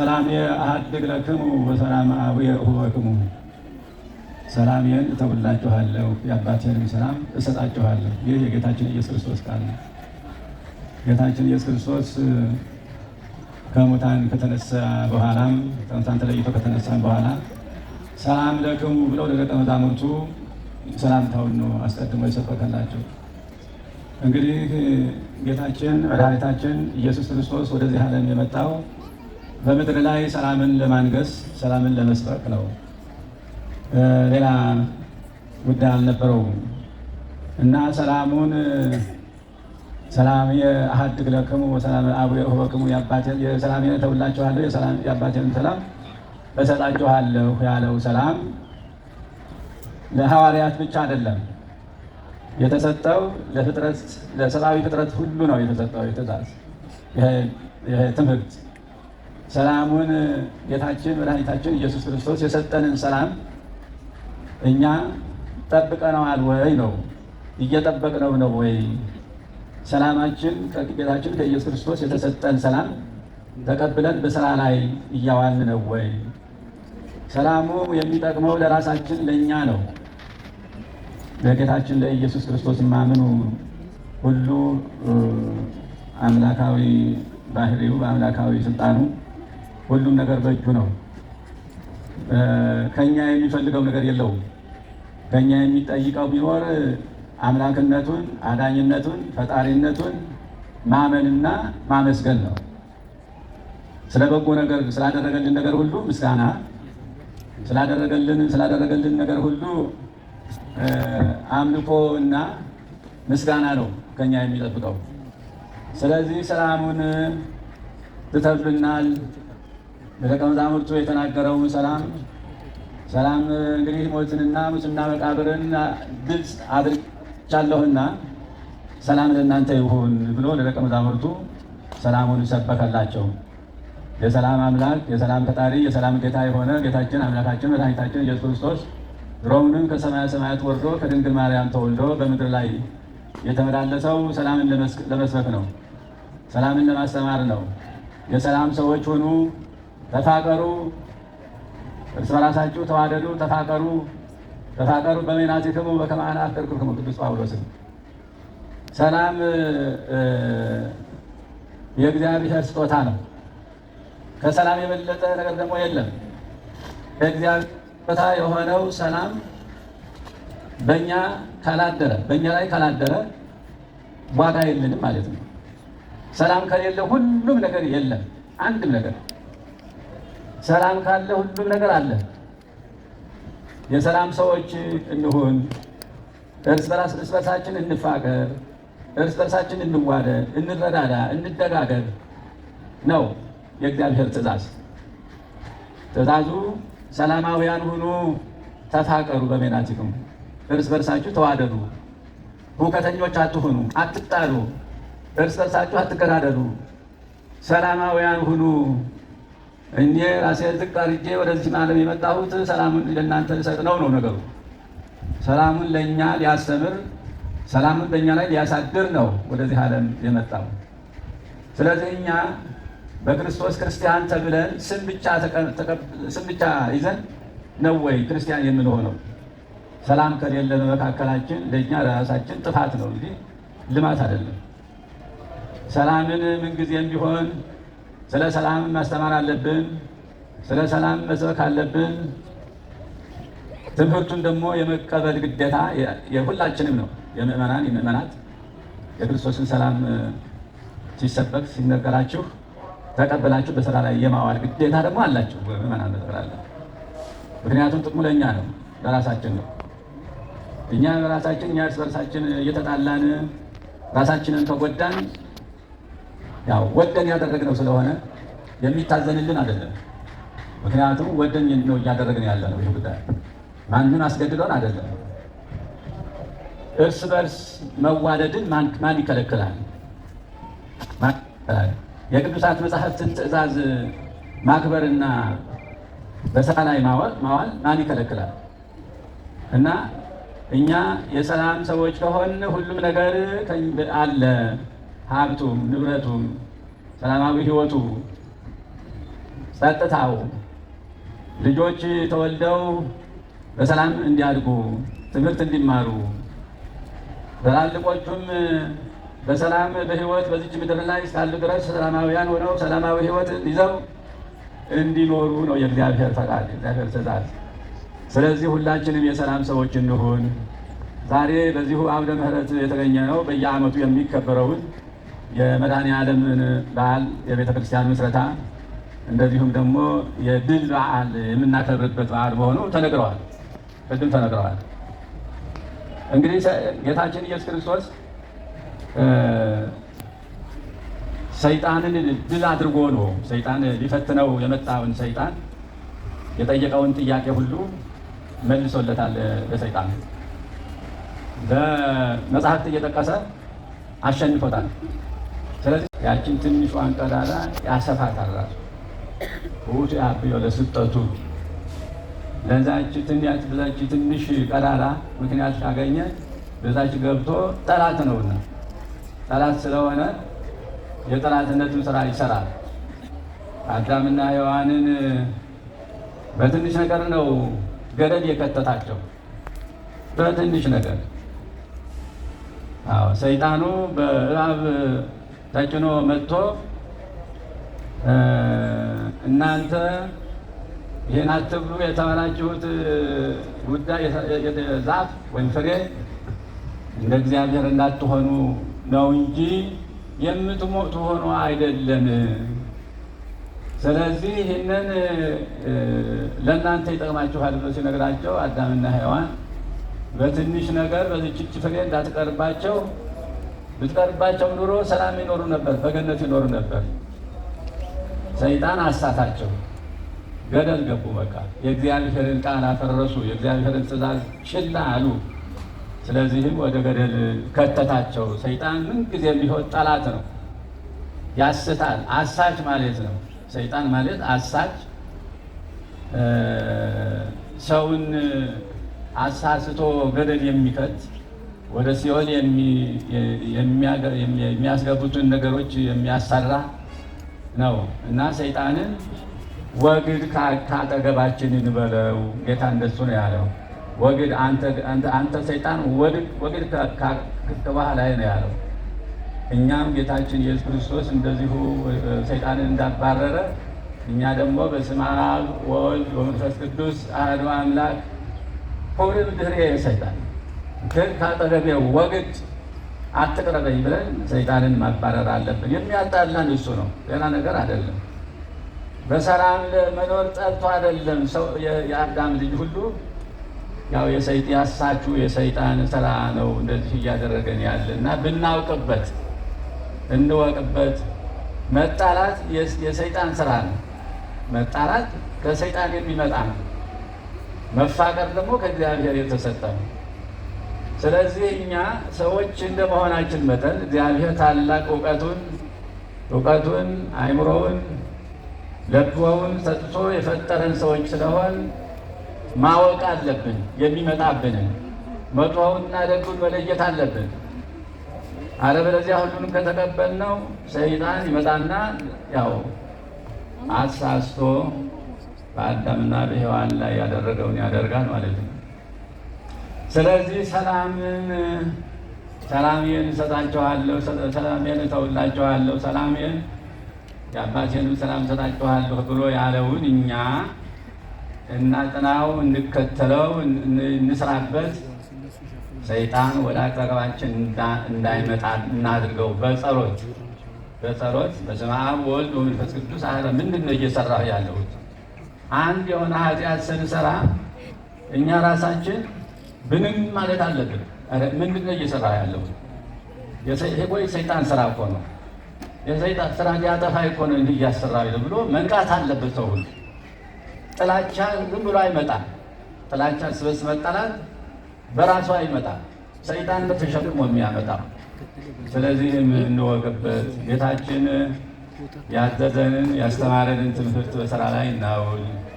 ሰላም አሃድግ ለክሙ በሰላም አብ ሁበክሙ ሰላሜን እተውላችኋለሁ የአባቴንም ሰላም እሰጣችኋለሁ። ይህ የጌታችን ኢየሱስ ክርስቶስ ቃል ነው። ጌታችን ኢየሱስ ክርስቶስ ከሙታን ከተነሳ በኋላም ከሙታን ተለይቶ ከተነሳ በኋላ ሰላም ለክሙ ብለው ለደቀ መዛሙርቱ ሰላምታውን ነው አስቀድሞ የሰበከላቸው። እንግዲህ ጌታችን መድኃኒታችን ኢየሱስ ክርስቶስ ወደዚህ ዓለም የመጣው በምድር ላይ ሰላምን ለማንገስ ሰላምን ለመስበክ ነው። ሌላ ጉዳይ አልነበረውም እና ሰላሙን ሰላም የአሃድ ግለክሙ ሰላም አቡ የሆበክሙ ሰላም ተውላችኋለሁ የአባቴን ሰላም እሰጣችኋለሁ ያለው ሰላም ለሐዋርያት ብቻ አይደለም የተሰጠው፣ ለፍጥረት ለሰብአዊ ፍጥረት ሁሉ ነው የተሰጠው ትእዛዝ ትምህርት ሰላሙን ጌታችን መድኃኒታችን ኢየሱስ ክርስቶስ የሰጠንን ሰላም እኛ ጠብቀነዋል ወይ ነው? እየጠበቅነው ነው ወይ? ሰላማችን ከጌታችን ከኢየሱስ ክርስቶስ የተሰጠን ሰላም ተቀብለን በስራ ላይ እያዋልን ነው ወይ? ሰላሙ የሚጠቅመው ለራሳችን ለእኛ ነው። ለጌታችን ለኢየሱስ ክርስቶስ ማምኑ ሁሉ አምላካዊ ባህሪው በአምላካዊ ስልጣኑ ሁሉም ነገር በእጁ ነው። ከኛ የሚፈልገው ነገር የለውም። ከኛ የሚጠይቀው ቢኖር አምላክነቱን፣ አዳኝነቱን፣ ፈጣሪነቱን ማመንና ማመስገን ነው። ስለ በጎ ነገር ስላደረገልን ነገር ሁሉ ምስጋና፣ ስላደረገልን ስላደረገልን ነገር ሁሉ አምልኮ እና ምስጋና ነው ከኛ የሚጠብቀው። ስለዚህ ሰላሙን ትተብልናል። ለደቀ መዛሙርቱ የተናገረው ሰላም ሰላም እንግዲህ ሞትንና ሙትና መቃብርን ግልጽ አድርቻለሁና ሰላም ለእናንተ ይሁን ብሎ ለደቀ መዛሙርቱ ሰላሙን ሰበከላቸው። የሰላም አምላክ የሰላም ፈጣሪ የሰላም ጌታ የሆነ ጌታችን አምላካችን መድኃኒታችን ኢየሱስ ክርስቶስ ድሮውንም ከሰማያ ሰማያት ወርዶ ከድንግል ማርያም ተወልዶ በምድር ላይ የተመላለሰው ሰላምን ለመስበክ ነው። ሰላምን ለማስተማር ነው። የሰላም ሰዎች ሆኑ። ተፋቀሩ፣ እርስ በራሳችሁ ተዋደዱ፣ ተፋቀሩ ተፋቀሩ በመናዝክሙ በከመ አነ አፍቀርኩክሙ ቅዱስ ጳውሎስም ሰላም የእግዚአብሔር ስጦታ ነው። ከሰላም የበለጠ ነገር ደግሞ የለም። ከእግዚአብሔር ስጦታ የሆነው ሰላም በእኛ ካላደረ በእኛ ላይ ካላደረ ዋጋ የለንም ማለት ነው። ሰላም ከሌለ ሁሉም ነገር የለም፣ አንድም ነገር ሰላም ካለ ሁሉም ነገር አለ። የሰላም ሰዎች እንሁን። እርስ በራስ እርስ በርሳችን እንፋቀር፣ እርስ በርሳችን እንዋደድ፣ እንረዳዳ፣ እንደጋገር ነው የእግዚአብሔር ትእዛዝ። ትእዛዙ ሰላማውያን ሁኑ፣ ተፋቀሩ፣ በሜናቲክም እርስ በርሳችሁ ተዋደዱ፣ ሁከተኞች አትሁኑ፣ አትጣሉ፣ እርስ በርሳችሁ አትገዳደሉ፣ ሰላማውያን ሁኑ እኔ ራሴ ዝቅ አድርጌ ወደዚህ ዓለም የመጣሁት ሰላምን ለእናንተ ልሰጥ ነው ነው ነገሩ። ሰላሙን ለእኛ ሊያስተምር፣ ሰላሙን በእኛ ላይ ሊያሳድር ነው ወደዚህ ዓለም የመጣው። ስለዚህ እኛ በክርስቶስ ክርስቲያን ተብለን ስም ብቻ ይዘን ነው ወይ ክርስቲያን የምንሆነው? ሰላም ከሌለ በመካከላችን ለእኛ ለራሳችን ጥፋት ነው እንጂ ልማት አይደለም። ሰላምን ምንጊዜም ቢሆን ስለ ሰላም ማስተማር አለብን። ስለ ሰላም መስበክ አለብን። ትምህርቱን ደግሞ የመቀበል ግዴታ የሁላችንም ነው። የምእመናን የምእመናት የክርስቶስን ሰላም ሲሰበክ ሲነገራችሁ ተቀበላችሁ በስራ ላይ የማዋል ግዴታ ደግሞ አላችሁ ምእመናን በጠቅላላ። ምክንያቱም ጥቅሙ ለእኛ ነው፣ ለራሳችን ነው። እኛ ራሳችን እኛ እርስ በርሳችን እየተጣላን ራሳችንን ተጎዳን ያው ወደን ያደረግነው ስለሆነ የሚታዘንልን አይደለም። ምክንያቱም ወደን ነው እያደረግን ያለ ነው። ይህ ጉዳይ ማንም አስገድዶን አይደለም። እርስ በርስ መዋደድን ማን ይከለክላል? የቅዱሳት መጽሐፍትን ትእዛዝ ማክበርና በስራ ላይ ማዋል ማን ይከለክላል? እና እኛ የሰላም ሰዎች ከሆን ሁሉም ነገር አለ ሀብቱም ንብረቱም ሰላማዊ ህይወቱ ጸጥታው ልጆች ተወልደው በሰላም እንዲያድጉ ትምህርት እንዲማሩ ትላልቆቹም በሰላም በህይወት በዚች ምድር ላይ እስካሉ ድረስ ሰላማዊያን ሆነው ሰላማዊ ህይወት ይዘው እንዲኖሩ ነው የእግዚአብሔር ፈቃድ፣ እግዚአብሔር ትእዛዝ። ስለዚህ ሁላችንም የሰላም ሰዎች እንሁን። ዛሬ በዚሁ አውደ ምሕረት የተገኘ ነው በየዓመቱ የሚከበረውን የመድኃኔ ዓለምን በዓል የቤተ ክርስቲያን ምስረታ እንደዚሁም ደግሞ የድል በዓል የምናከብርበት በዓል መሆኑ ተነግረዋል፣ ቅድም ተነግረዋል። እንግዲህ ጌታችን ኢየሱስ ክርስቶስ ሰይጣንን ድል አድርጎ ነው ሰይጣን ሊፈትነው የመጣውን ሰይጣን የጠየቀውን ጥያቄ ሁሉ መልሶለታል። ለሰይጣን በመጽሐፍት እየጠቀሰ አሸንፎታል። ስለዚህ ያችን ትንሿን ቀዳዳ ያሰፋታል ራሱ ውእቱ ያብዮ ለስጠቱ ለዛች ትንያት ብዛች ትንሽ ቀዳዳ ምክንያት ካገኘ በዛች ገብቶ ጠላት ነውና ጠላት ስለሆነ የጠላትነትን ስራ ይሰራል። አዳምና ሔዋንን በትንሽ ነገር ነው ገደል የከተታቸው። በትንሽ ነገር ሰይጣኑ በእባብ ተጭኖ መጥቶ እናንተ ይህን አትብሉ የተባላችሁት ጉዳይ ዛፍ ወይም ፍሬ እንደ እግዚአብሔር እንዳትሆኑ ነው እንጂ የምትሞቱ ሆኖ አይደለም። ስለዚህ ይህንን ለእናንተ ይጠቅማችኋል ብሎ ሲነግራቸው አዳምና ሔዋን በትንሽ ነገር በዝችች ፍሬ እንዳትቀርባቸው ብትፈቅድባቸው ኑሮ ሰላም ይኖሩ ነበር፣ በገነት ይኖሩ ነበር። ሰይጣን አሳታቸው፣ ገደል ገቡ። በቃ የእግዚአብሔርን ቃል አፈረሱ፣ የእግዚአብሔርን ትእዛዝ ችላ አሉ። ስለዚህም ወደ ገደል ከተታቸው። ሰይጣን ምን ጊዜ ጠላት ነው፣ ያስታል። አሳች ማለት ነው። ሰይጣን ማለት አሳች፣ ሰውን አሳስቶ ገደል የሚከት ወደ ሲኦል የሚያስገቡትን ነገሮች የሚያሰራ ነው እና ሰይጣንን ወግድ ካጠገባችን እንበለው ጌታ እንደሱ ነው ያለው። ወግድ አንተ ሰይጣን ወግድ ከበኋላ ላይ ነው ያለው። እኛም ጌታችን ኢየሱስ ክርስቶስ እንደዚሁ ሰይጣንን እንዳባረረ እኛ ደግሞ በስመ አብ ወወልድ ወመንፈስ ቅዱስ አሐዱ አምላክ ሁሉ ድሬ ሰይጣን ግን ከአጠገቤ ወግድ አትቅረበኝ ብለን ሰይጣንን ማባረር አለብን። የሚያጣላን እሱ ነው፣ ሌላ ነገር አይደለም። በሰላም መኖር ጠልቶ አይደለም። ሰው የአዳም ልጅ ሁሉ ያው ያሳችሁ የሰይጣን ስራ ነው እንደዚህ እያደረገን ያለ እና ብናውቅበት፣ እንወቅበት። መጣላት የሰይጣን ስራ ነው። መጣላት ከሰይጣን የሚመጣ ነው። መፋቀር ደግሞ ከእግዚአብሔር የተሰጠ ነው። ስለዚህ እኛ ሰዎች እንደመሆናችን መጠን እግዚአብሔር ታላቅ እውቀቱን እውቀቱን አይምሮውን ለብወውን ሰጥቶ የፈጠረን ሰዎች ስለሆን ማወቅ አለብን። የሚመጣብንን መጥፎውንና ደጉን መለየት አለብን። አለበለዚያ ሁሉንም ከተቀበልነው ሰይጣን ይመጣና ያው አሳስቶ በአዳምና በሔዋን ላይ ያደረገውን ያደርጋል ማለት ነው። ስለዚህ ሰላምን ሰላሜን እሰጣችኋለሁ፣ ሰላሜን እተውላችኋለሁ፣ ሰላሜን የአባቴንም ሰላም እሰጣችኋለሁ ብሎ ያለውን እኛ እናጥናው፣ እንከተለው፣ እንስራበት። ሰይጣን ወደ አጠገባችን እንዳይመጣ እናድርገው። በጸሎት በጸሎት በስመ አብ ወልድ ወመንፈስ ቅዱስ አረ ምንድን ነው እየሰራሁ ያለሁት? አንድ የሆነ ኃጢአት ስንሰራ እኛ ራሳችን ብንም ማለት አለብን። ምንድን ነው እየሰራ ያለው? ወይ ሰይጣን ስራ እኮ ነው፣ የሰይጣን ስራ ሊያጠፋ እኮ ነው እንዲህ እያሰራ ያለው ብሎ መንቃት አለበት ሰው ሁሉ። ጥላቻ ዝም ብሎ አይመጣም። ጥላቻ ስበስ መጠላት በራሱ አይመጣም። ሰይጣን ተሸክሞ የሚያመጣው ስለዚህም እንወቅበት። ጌታችን ያዘዘንን ያስተማረንን ትምህርት በስራ ላይ እናውል።